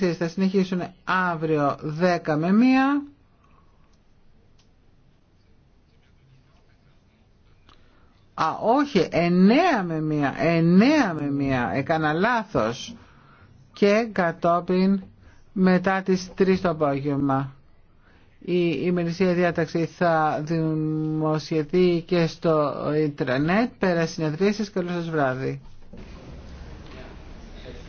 εργασίες θα συνεχίσουν αύριο 10 με 1. Α, όχι, 9 με 1, 9 με 1, έκανα λάθος. Και κατόπιν μετά τις 3 το απόγευμα. Η ημερησία διάταξη θα δημοσιευθεί και στο ίντρανετ. Πέρα συνεδρίσεις, καλό σας βράδυ.